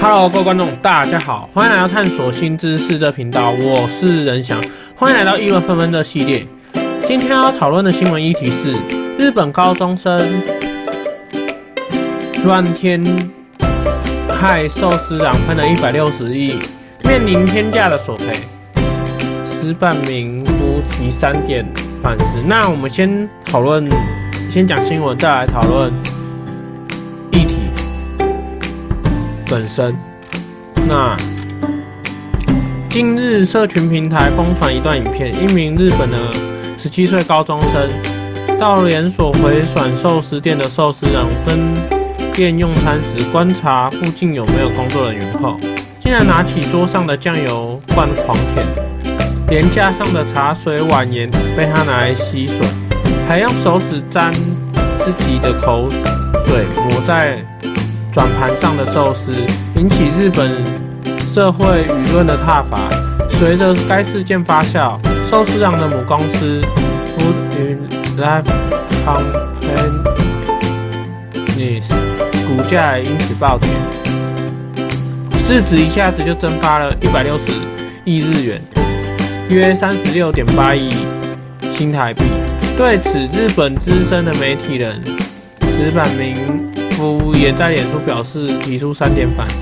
Hello，各位觀眾，大家好，歡迎來到探索新知識這頻道，我是仁翔，歡迎來到議論紛紛的系列。今天要討論的新聞議題是日本高中生亂舔害壽司郎噴了一百六十億，面臨天價的索賠，私辦名夫提三點反思。那我們先討論，先講新聞，再來討論。本身，那近日社群平台瘋傳一段影片，一名日本的十七歲高中生，到連鎖回轉壽司店的壽司郎分店用餐時，觀察附近有沒有工作人員後，竟然拿起桌上的醬油罐狂舔，連架上的茶水碗沿被他拿來吸水，還用手指沾自己的口水抹在。轉盤上的壽司，引起日本社會輿論的撻伐。隨着該事件發酵，壽司郎的母公司 Food In Life Companies 股價也因此暴跌，市值一下子就蒸發了一百六十億日元，約三十六點八億新台幣。對此，日本資深的媒體人石板明。也在臉書表示，提出三點反思。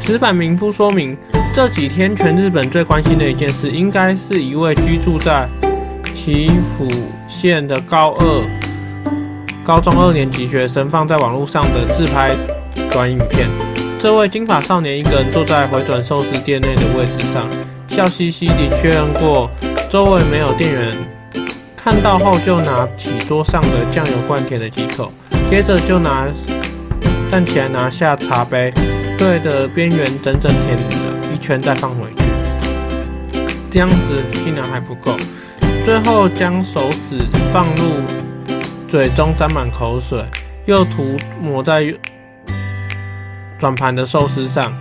此版名不說明，這幾天全日本最關心的一件事，應該是一位居住在岐阜縣的高二、高中二年級學生放在網絡上的自拍短影片。這位金髮少年一個人坐在回轉壽司店內的位置上，笑嘻嘻地確認過周圍沒有店員，看到後就拿起桌上的醬油罐舔了幾口。接着就拿，站起來拿下茶杯，對着邊緣整整舔了一圈，再放回去。這樣子竟然還不夠。最後將手指放入嘴中沾滿口水，又塗抹在轉盤的壽司上。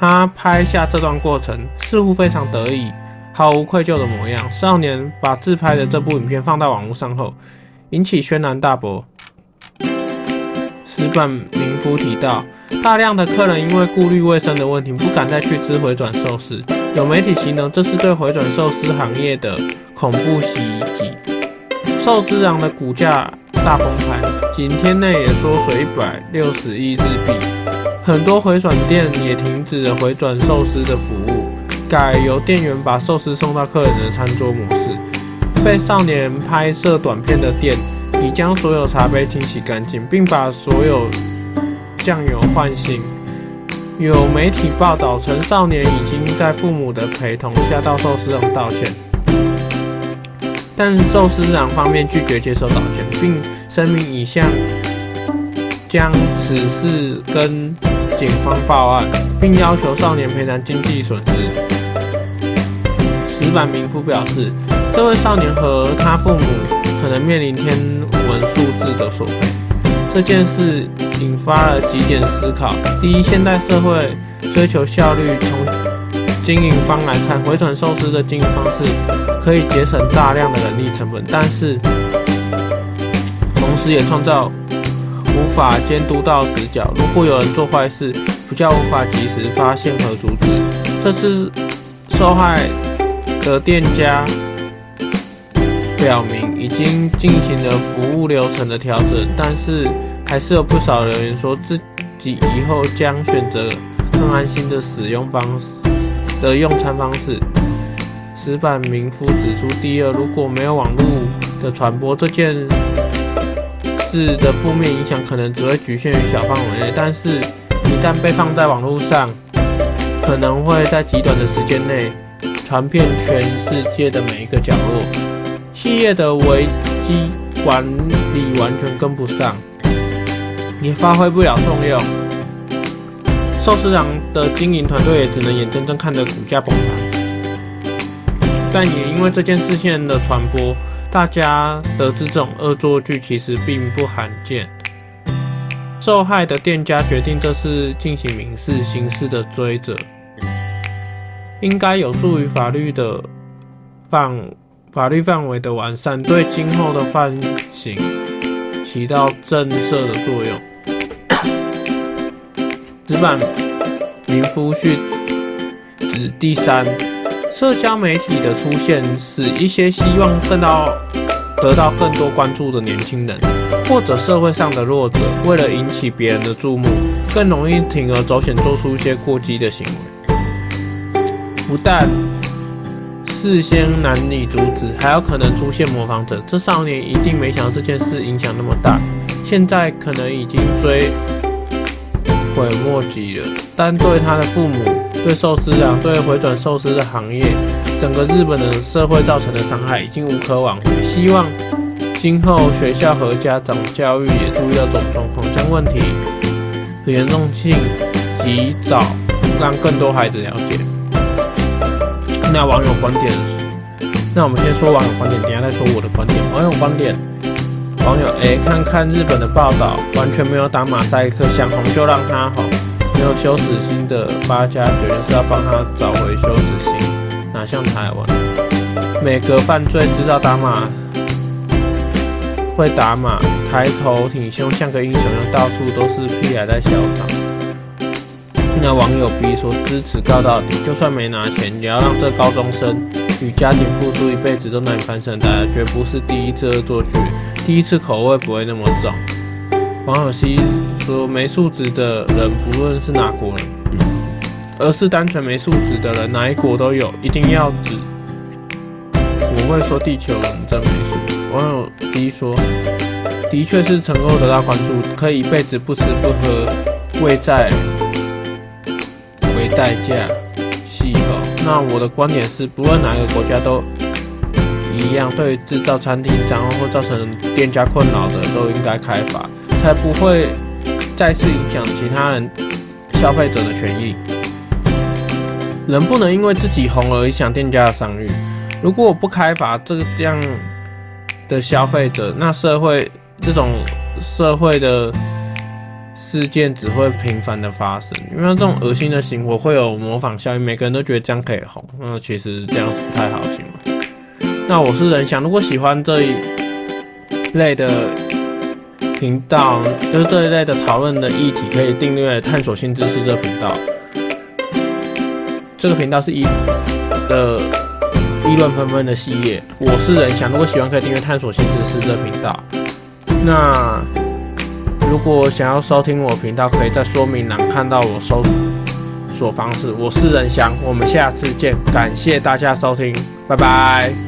他拍下這段過程，似乎非常得意，毫無愧疚的模樣。少年把自拍的這部影片放到網絡上後，引起軒然大波。民夫提到，大量的客人因為顧慮衛生的問題，不敢再去吃回轉壽司。有媒體形容這是對回轉壽司行業的恐怖襲擊。壽司郎的股價大崩盤，僅天內也縮水一百六十億日幣。很多回轉店也停止了回轉壽司的服務，改由店員把壽司送到客人的餐桌模式。被少年拍攝短片的店。已將所有茶杯清洗乾淨，並把所有醬油換新。有媒體報道，稱少年已經在父母的陪同下到壽司郎道歉，但壽司郎方面拒絕接受道歉，並聲明已向將此事跟警方報案，並要求少年賠償經濟損失。石板民夫表示，這位少年和他父母可能面臨天文數字的索賠。這件事引發了幾點思考：第一，現代社會追求效率，從經營方來看，回轉壽司的經營方式可以節省大量的人力成本，但是同時也創造無法監督到死角。如果有人做壞事，不叫無法及時發現和阻止。這次受害的店家。表明已經進行了服務流程的調整，但是還是有不少人說自己以後將選擇更安心的使用方式的用餐方式。石板民夫指出，第二，如果沒有網絡的傳播，這件事的負面影響可能只會局限於小範圍內；但是，一旦被放在網絡上，可能會在極短的時間內傳遍全世界的每一個角落。企業的危機管理，完全跟不上，也發揮不了作用。壽司郎的經營團隊也只能眼睜睜看着股價崩盤。但也因為這件事件的傳播，大家得知這種惡作劇其實並不罕見。受害的店家決定這次進行民事刑事的追責，應該有助於法律的放。法律範圍的完善對今後的犯行起到震懾的作用。紙 板，名夫序指第三，社交媒體的出現使一些希望得到得到更多關注的年輕人，或者社會上的弱者，為了引起別人的注目，更容易鋌而走險，做出一些過激的行為。不但。事先難以阻止，還有可能出現模仿者。這少年一定沒想到這件事影響那麼大，現在可能已經追悔莫及了。但對他的父母、對壽司郎，對回轉壽司的行業、整個日本的社會造成的傷害已經無可挽回。希望今後學校和家長教育也注意到這種口腔問題嚴重性，及早讓更多孩子了解。那網友觀點，那我們先說網友觀點，等一下再說我的觀點。網友觀點，網友誒，看看日本的報道，完全沒有打馬賽克，想紅就讓他紅，沒有羞恥心的八家決定是要幫他找回羞恥心，哪像台灣，每個犯罪知道打馬，會打馬，抬頭挺胸像個英雄，到處都是屁孩在囂張。那網友 B 說支持告到底，就算沒拿錢，也要讓這高中生與家庭付出一輩子都難以翻身的，絕不是第一次惡作劇，第一次口味不會那麼重。網友 C 說沒素質的人不論是哪國人，而是單純沒素質的人，哪一國都有，一定要指。我會說地球人真沒素質。網友 B 說，的確是成功得到關注，可以一輩子不吃不喝，胃在。代價系統。那我的觀點是，不論哪個國家都一樣，對製造餐廳髒亂或造成店家困擾的，都應該開罰，才不會再次影響其他人消費者的權益。人不能因為自己紅而影響店家的商譽。如果我不開罰這個這樣的消費者，那社會這種社會的。事件只會頻繁的發生，因為這種噁心的行為會有模仿效應，每個人都覺得這樣可以紅，那、嗯、其實這樣是不太好，行嗎？那我是仁翔，如果喜歡這一類的頻道，就是這一類的討論的議題，可以訂閱“探索新知識”這頻道。這個頻道是一呃議論紛紛的系列。我是仁翔，如果喜歡可以訂閱“探索新知識”這頻道。那。如果想要收聽我頻道，可以在說明欄看到我搜索的方式。我是仁翔，我們下次見，感謝大家收聽，拜拜。